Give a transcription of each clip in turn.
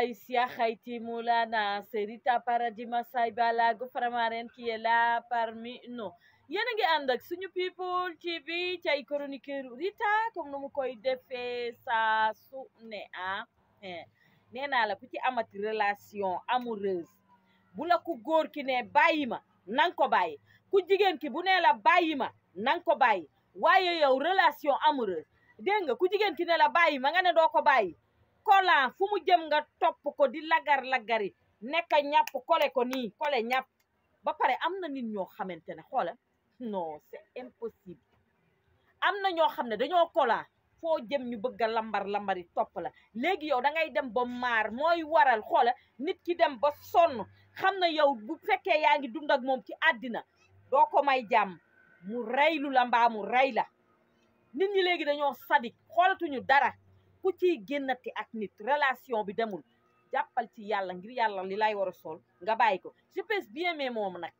ay Malaysia, Haití, Mulana, Serita Paradima, Saiba, Lago, Framaren, qui est là parmi nous. yéen a ngi ànd ak suñu people TV ci ay chroniqueur Rita comme nu mu koy defee saa su ne ah eh, nee naa la ku ci amati relation amoureuse bu la ku góor ki ne bàyyi ma nanga ko bàyyi ku jigéen ki bu nee la bàyyi ma nan ko bàyyi waaye yow relation amoureuse dégg nga ku jigéen ki ne la bàyyi ma nga ne doo ko bàyyi kola fu mu jëm nga topp ko di lagar lagari nekk ñàpp kole ko nii kole ñàpp ba pare am na nit ñoo xamante ne xoola non c'est impossible am na ñoo xam ne dañoo kola foo jëm ñu bëgga lambar lambari topp la léegi yow da ngay dem ba maar mooy waral xoola nit ki dem ba sonn xam na yow bu fekkee yaa ngi dund ak moom ci àddina doo ko may jàmm mu reylu la mbaa mu rey la nit ñi léegi dañoo sadik xoolatuñu dara ku ciy génnati ak nit relation bi damul jàppal ci yàlla ngir yàlla li lay war a sol nga bàyyi ko je pèse bien mais moom nag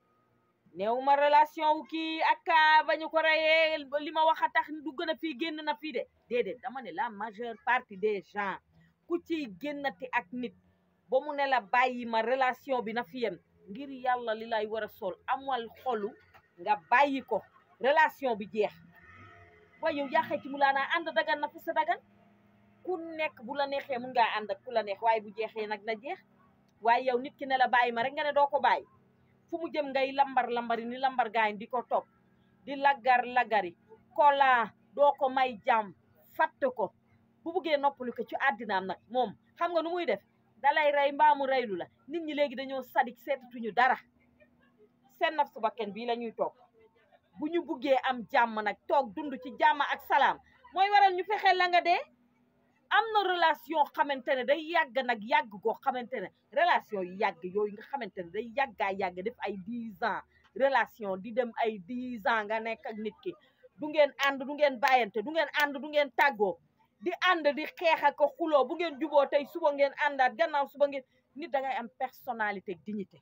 néew ma relation wu kii ak ba ñu ko reyee li ma wax a tax du gën a fii génn na fii de déedéet dama ne la majeure partie des gens ku ciy génnati ak nit ba mu ne la bàyyi ma relation bi na fi yem ngir yàlla li lay war a sol amal xolu nga bàyyi ko relation bi jeex waaye yow yaa ki mu laa naa ànd dagan na fi sa dagan ku nekk bu la neexee mun ngaa ànd ak ku la neex waaye bu jeexee nag na jeex waaye yow nit ki ne la bàyyi ma rek nga ne doo ko bàyyi fu mu jëm ngay lambar lambari ni lambar gaañ di ko topp di laggar laggari kolaa doo ko may jàmm fàtte ko bu buggee noppalu ko ci àddinaam nag moom xam nga nu muy def dalay rey mbaamu reylu la nit ñi léegi dañoo sadik seetatuñu dara seen naf su bakken bii lañuy toog bu ñu buggee am jàmm nag toog dund ci jàmm ak salaam mooy am na relation xamante ne day yàgg nag yàgg goo xamante ne relation yu yàgg yooyu nga xamante ne day yàggaa yàgg def ay dix relation di dem ay dix nga nekk ak nit ki du ngeen ànd du ngeen bàyyante du ngeen ànd du ngeen tàggoo di ànd di xeex ak xuloo bu ngeen juboo tey suba ngeen àndaat gannaaw suba ngeen nit da ngay am personnalité dignité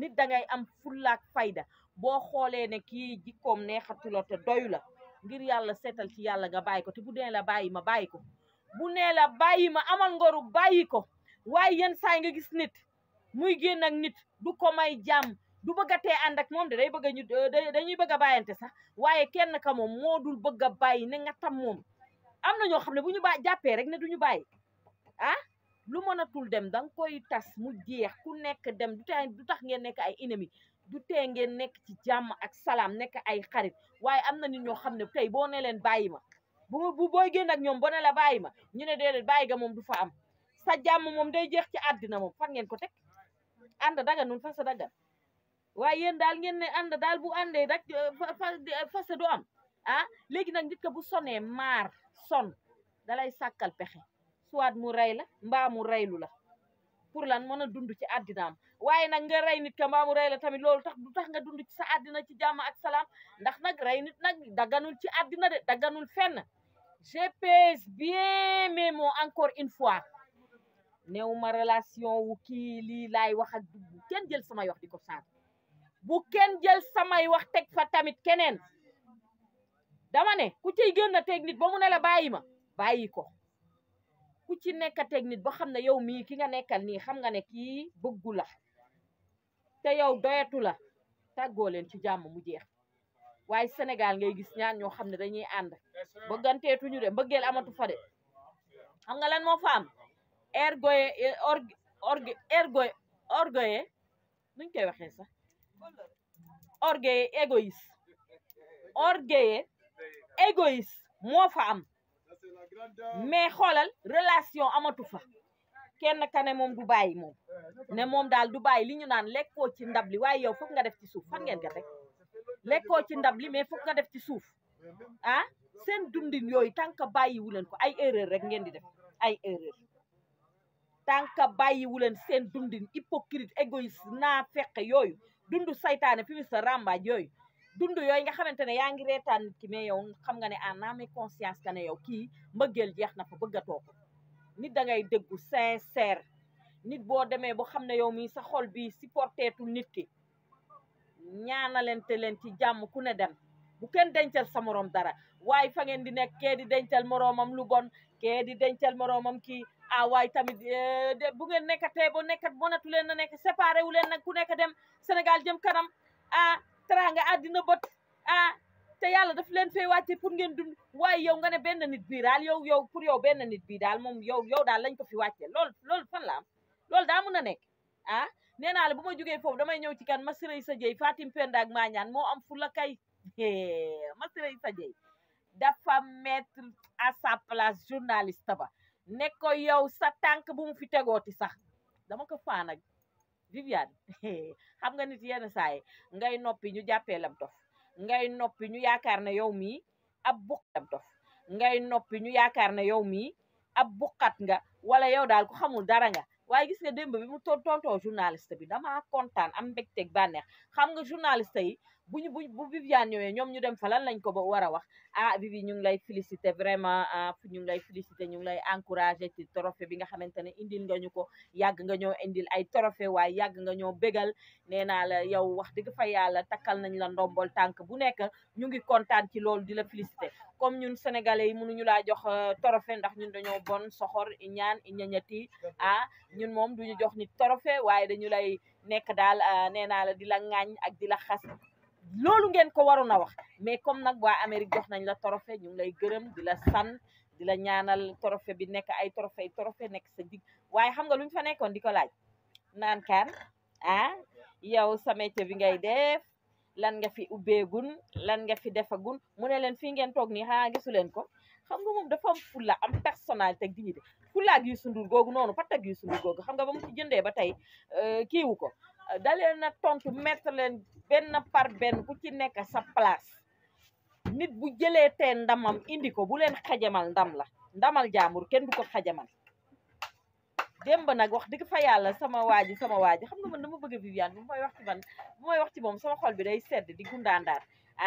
nit da ngay am fullaak fayda boo xoolee ne kii jikkoom neexatuloo te doyu la ngir yàlla seetal ci yàlla nga bàyyi ko te bu dee la bàyyi ma bàyyi ko bu nee la bàyyi ma amal ngoru bàyyi ko waaye yenn saa yi nga gis nit muy génn ak nit du ko may jàmm du bëgg a tee ànd ak moom de day bëgg a ñu dañuy bëgg a bàyyante sax waaye kenn ka moom moo dul bëgg a bàyyi ne nga tam moom am na ñoo xam ne bu ñu ba jàppee rek ne du ñu bàyyi ah lu mënatul dem danga koy tas mu jeex ku nekk dem du tee du tax ngeen nekk ay ennemi du tee ngeen nekk ci jàmm ak salaam nekk ay xarit waaye am na nit ñoo xam ne tey boo ne leen bàyyi ma bu bu booy génn ak ñoom ba ne la bàyyi ma ñu ne déedéet bàyyi ga moom du fa am sa jàmm moom day jeex ci àddina moom fan ngeen ko teg ànd daganul fas a dagan waaye yéen daal ngeen ne ànd daal bu àndee rek euh, euh, fas a du am ah léegi nag nit bu sonee maar son dalay sàkkal pexe soit mu rey la mbaa mu reylu la pour lan mën a dund ci àddinaam waaye nag nga rey nit ka mbaa mu rey la tamit loolu tax du tax nga dund ci sa àddina ci jàmm ak salaam ndax nag rey nit nag daganul ci àddina de daganul fenn je pèse bien mes mots encore une fois néew ma relation wu kii lii laay wax ak bu jël samay wax di ko saag bu kenn jël samay wax teg fa tamit keneen dama ne ku ciy gën a teg nit ba mu ne la bàyyi ma bàyyi ko ku ci nekk technique teg ba xam ne yow mii ki nga nekkal nii xam nga ne kii bëggu la te yow doyatu la tàggoo leen ci jàmm mu jeex waaye Sénégal ngay gis ñaan ñoo xam ne dañuy ànd bëgganteetuñu de mbëggeel amatu fa de xam nga lan moo fa am ergoye org ergoye orgoye nuñ koy waxee sax orgueil égoïste orgueil égoïste moo fa am mais xoolal relation amatu fa kenn ka ne moom du bàyyi moom ne moom daal du bàyyi li ñu naan lekkoo ci ndab li waaye yow foog nga def ci suuf fan ngeen ko teg lekkoo ci ndab li mais foog nga def ci suuf a ah, seen dundin yooyu tant que bàyyiwu leen ko ay erreur rek ngeen di def ay erreur tant que bàyyiwu leen seen dundin hypocrite égoïste naa feq yooyu dundu saytaane fi mu sa rambaaj yooyu dund yooyu nga xamante ne yaa ngi reetaan nit ki mais yow xam nga ne en âme conscience que yow kii mbëggeel jeex na fa bëggatoo ko nit da ngay déggu sincère nit boo demee bo xam ne yow mi sa xol bi supporteetul nit ki ñaanalante leen ci jàmm ku ne dem bu kenn dencal sa moroom dara waaye fa ngeen di nekk kee di dencal moroomam lu bon kee di dencal moroomam kii ah waaye tamit eh, bu ngeen nekkatee ba nekkat bonatu leen na nekk séparé wu leen nag ku nekk dem Sénégal jëm kanam ah teraanga àddina bët ah te yàlla daf leen fee wàcce pour ngeen dund waaye yow nga ne benn nit bii daal yow yow pour yow benn nit bii daal moom yow yow daal lañ ko fi wàcce lool loolu fan la am loolu daa mën a nekk ah nee naa la bu ma jógee foofu damay ñëw ci kan Massiré Issa Dieye Fatim Penda ak Mañaan moo am fu la kay Massiré Issa Dieye dafa mettre à sa place journaliste ba ne ko yow sa tànk bu mu fi tegooti sax dama ko faa nag Viviane xam nga nit yenn saa ngay noppi ñu jàppee lam dof ngay noppi ñu yaakaar ne yow mii ab buq ngay noppi ñu yaakaar ne yow mii ab buqat nga wala yow daal ku xamul dara waaye gis nga démb bi mu tontoo journaliste bi dama kontaan am mbégteeg bànneex xam nga journaliste yi bu ñu bu bu Viviane ñëwee ñoom ñu dem fa lan lañ ko ba war a wax ah Vivi ñu ngi lay félicité vraiment ah, ñu ngi lay félicité ñu lay encouragé ci trophée bi nga xamante ne indil nga ñu ko yàgg nga ñoo indil ay trophée waaye yàgg nga ñoo bégal nee naa la yow wax dëgg fa yàlla takkal nañ la ndombol tànk bu nekk ñu ngi kontaan ci loolu di la félicité comme ñun sénégalais yi mënuñu laa jox euh, trophée ndax ñun dañoo bon soxor ñaan ñañati ah ñun moom duñu jox nit trophée waaye dañu lay nekk daal ah, nee naa la di la ŋaañ ak di la xas loolu ngeen ko waroon a wax mais comme nag waa Amérique jox nañ la trophée ñu lay gërëm di la san la ñaanal trophée bi nekk ay trophée trophée nekk sa dig waaye xam nga lu fa nekkoon di ko laaj naan kaan ah yow sa métier bi ngay def lan nga fi ubbeegun lan nga fi defagun mu ne leen fii ngeen toog nii xanaa gisu leen ko xam nga moom dafa am fulla am personnalité ak dignité fulla ak Youssou Ndour googu noonu pat ak Youssou xam nga ba mu ci jëndee ba tey euh, kiiwu ko Euh, dalee na tontu mettre leen benn par benn ku ci nekk sa place nit bu jëlee tee ndamam indi ko bu leen xajamal ndam la ndamal jaamur kenn du ko xajamal démb nag wax dëgg fa yàlla sama waa ji sama waa ji xam nga man dama bëgg Viviane bu mooy wax ci man bu wax ci moom sama xol bi day sedd di gundaandaar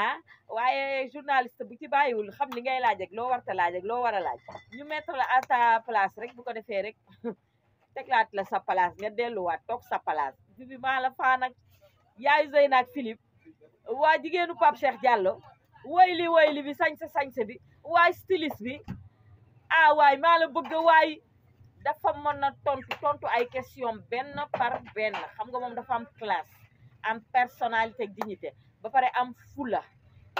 ah waaye journaliste bu ci bàyyiwul xam ni ngay laaj ak loo warta laaj ak loo war a laaj ñu mettre la à ta place rek bu ko defee rek teglaat la sa place nga delluwaat toog sa place Bibi Mala Faan ak yaayu Zeyna ak Philippe waa jigéenu Pape Cheikh Diallo woyli woyli bi sañse sañse bi waay styliste bi ah waay maa la bëgg waay dafa mën a tontu tontu ay question benn par benn xam nga moom dafa am classe am personnalité dignité ba pare am fula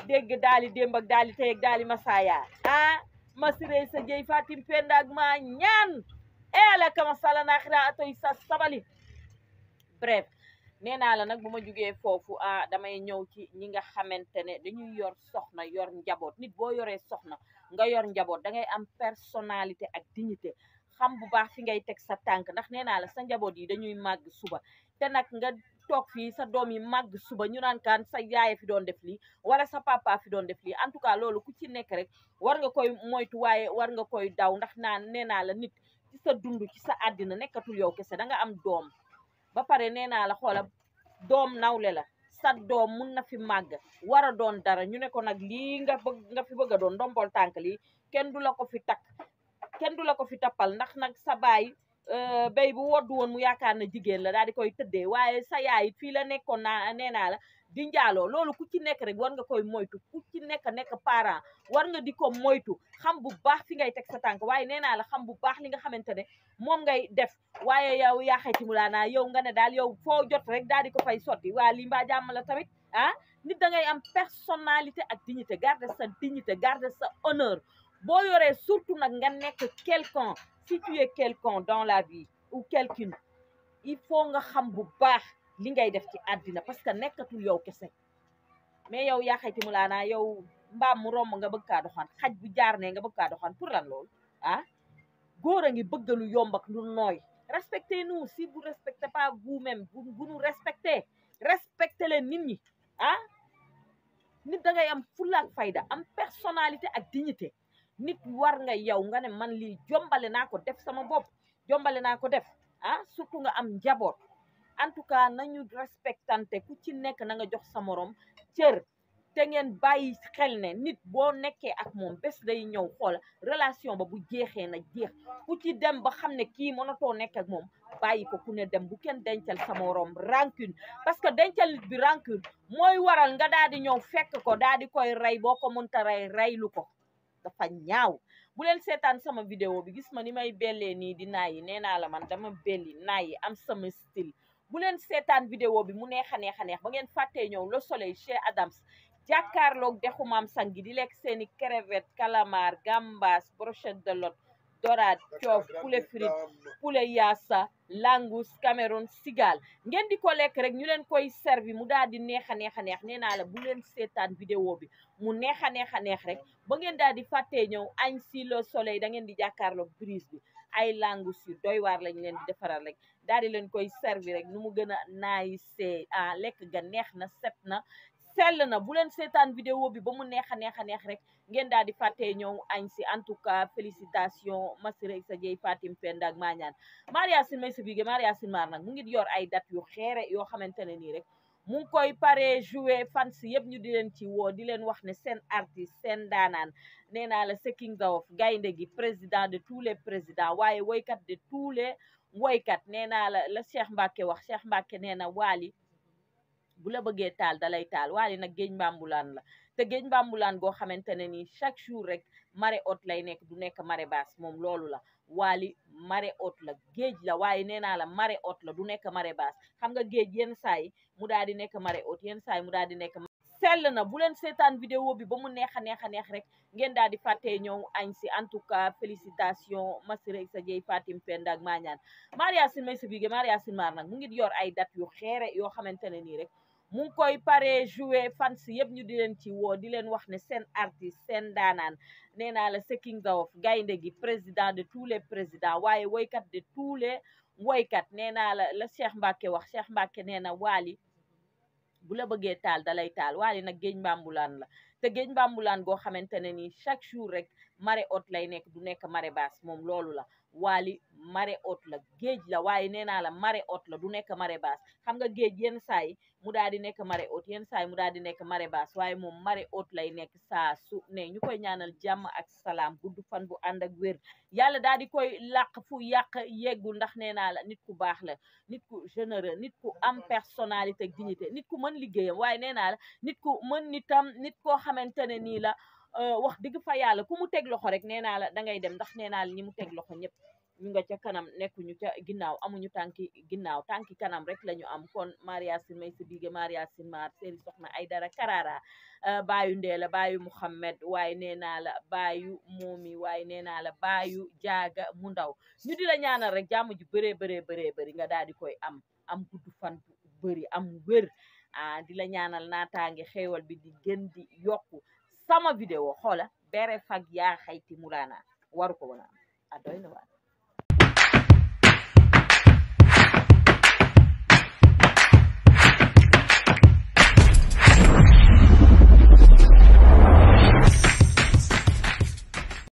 dégg daali démb ak tey ak daali masaya ah sa jëy fatim penda ak ma ñaan eele eh, kama sala naaxira atoy sa sabali bref nee naa la nag bu ma jugee foofu ah damay ñëw ci ñi nga xamante ne dañuy yor soxna yor njaboot nit boo yoree soxna nga yor njaboot da ngay am personalité ak dignité xam bu baax fi ngay teg sa tànk ndax nee naa la sa njaboot yi dañuy màgg suba te nag nga toog fii sa doom yi màgg suba ñu naan kaan sa yaay fi doon def lii wala sa papa fi doon def lii en tout cas loolu ku ci nekk rek war nga koy moytu waaye war nga koy daw ndax naan nee naa la nit ci sa dund ci sa àddina nekkatul yow kese da nga am doom ba pare nee naa la xoolal doom nawle la sa doom mun na fi màgg wara doon dara ñu ne ko nag lii nga nga fi bëgg a doon ndombol tànk lii kenn du la ko fi takk kenn du la ko fi tappal ndax nag sa baay euh, béy bu woddu woon mu yaakaar na jigéen la daal di koy tëddee waaye sa yaay fii la nekkoon na nee naa la di njaaloo loolu ku ci nekk rek war nga koy moytu ci nekk nekk parent war nga di ko moytu xam bu baax fi ngay teg sa tànk waaye nee naa la xam bu baax li nga xamante ne moom ngay def waaye yow yaa xayti laa naa yow nga ne daal yow foo jot rek daal di ko fay sotti waa lii mbaa jàmm la tamit ah nit da ngay am personnalité ak dignité garder sa dignité garder sa honneur boo yoree surtout nag nga nekk quelqu'un si tu es quelqu'un dans la vie ou quelqu'une il faut nga xam bu baax li ngay def ci àddina parce que nekkatul yow kese mais yow yaa xayti mu laanaa yow mbaam mu romb nga bëgg kaa doxaan xaj bu jaar ne nga bëgg kaa doxaan pour lan loolu ah a ngi bëgg lu yombak ak lu nooy respectez nous si vous respectez pas vous même gu nu respecté respecté leen nit ñi ah nit da ngay am fulla fayda am personnalité ak dignité nit war nga yow nga ne man li jombale naa ko def sama bopp jombale naa ko def ah surtout nga am njaboot en tout cas nañu respectante ku ci nekk na nga jox sa morom cër te ngeen bàyyi xel ne nit boo nekkee ak moom bés day ñëw xool relation ba bu jeexee na jeex ku ci dem ba xam ne kii mënatoo nekk ak moom bàyyi ko ku ne dem bu kenn dencal sa morom rancune parce que dencal nit bi rancune mooy waral nga daal di ñëw fekk ko daal di koy rey boo ko mënta rey reylu ko dafa ñaaw bu leen seetaan sama vidéo bi gis ma ni may bellee nii di naa yi nee naa la man dama belli naa yi am sama style bu leen seetaan vidéo bi mu neex a neex a neex ba ngeen fàttee ñëw le soleil chez Adams jàkkaarloog dexu maam sang gi di lekk seen i crevette calamar gambas brochette de lot dorade coof poulet frite poulet yaasa langous cameroun sigal ngeen di ko lekk rek ñu leen koy servi mu daal di neex a neex a neex nee naa la bu leen seetaan vidéo bi mu neex a neex a neex rek ba ngeen daal di fàttee ñëw añ si le soleil da ngeen di jàkkaarloog brise bi ay langous yu doy waar lañ leen di defaral rek daal di leen koy servi rek nu mu gën a naay see ah lekk ga neex na set na sell na bu leen seetaan vidéo bi ba mu neex a neex a neex rek ngeen daal di fàttee ñëw añ si en tout cas félicitation masirek sa jëy fatim penda ak maañaan maria sin may sa bige maria sin maar nag mu ngi yor ay dat yu xeere yoo xamante ne nii rek mu ngi koy pare jouer fans yëpp ñu di leen ci woo di leen wax ne seen artiste seen daanaan nee naa la c'est king of gaynde gi président de tous les présidents waaye woykat nee naa la la Cheikh Mbacke wax Cheikh Mbacke nee na waali bu la bëggee taal dalay taal waali nag géej mbambulaan la te géej mbambulaan goo xamante ne nii chaque jour rek marée haute lay nekk du nekk mare baas moom loolu la waali marée haute la géej la waaye nee naa la marée haute la du nekk marée basse xam nga géej yenn saa mu daal di nekk marée haute yenn saay mu daal di nekk sell na bu leen seetaan vidéo bi ba mu neex a neex a neex rek ngeen daal di fàtte ñëw añ si en tout cas félicitation masirek sa jey fatim penda ak maañaan maria sin may sa bigé maria maar nag mu ngi yor ay dat yu xeere yoo xamante ne nii rek mu koy pare fan si yëpp ñu di leen ci woo di leen wax ne seen artiste seen daanaan nee naa la King Daof gaynde gi président de tous les président waaye woykat de tous les woykat nee naa la la Cheikh Mbacke wax Cheikh Mbacke nee na Wally bu la bëggee taal dalay taal waali nag géej mbambulaan la te géej mbambulaan goo xamante ne nii chaque jour rek marée haute lay nekk du nekk marée baas moom loolu la waali marée haute la géej la waaye nee naa la marée haute la du nekk marée basse xam nga géej yenn saa mu daal di nekk marée haute yenn saa mu daal di nekk marée baas waaye moom marée haute lay nekk saa su ne ñu koy ñaanal jàmm ak salaam gudd fan bu ànd ak wér yàlla daal di koy làq fu yàq yeggul ndax nee naa la nit ku baax la nit ku généreux nit ku am personnalité ak dignité nit ku mën liggéeyam waaye nee naa la nit ku mën nitam nit koo xamante ne nii la Euh, wax dëgg fa yàlla ku mu teg loxo rek nee naa la dangay dem ndax nee naa la ñi mu teg loxo ñëpp ñu nga ca kanam nekkuñu ca ginnaaw amuñu tànki ginnaaw tànki kanam rek lañu am kon Maria Sin may sa bige Maria Sin maar seeri soxna ay dara karara euh, baayu ndeela baayu Mouhamed waaye nee naa la baayu moomi waaye nee naa la baayu jaaga mu ndaw ñu di la ñaanal rek jàmm ju bëree bëree bëree bëri nga daal di koy am am gudd fan bu am wér ah di la ñaanal naataange xéewal bi di gën di yokku sama vidéo xoola bere fag yaa xayti murana waru ko a doy na waar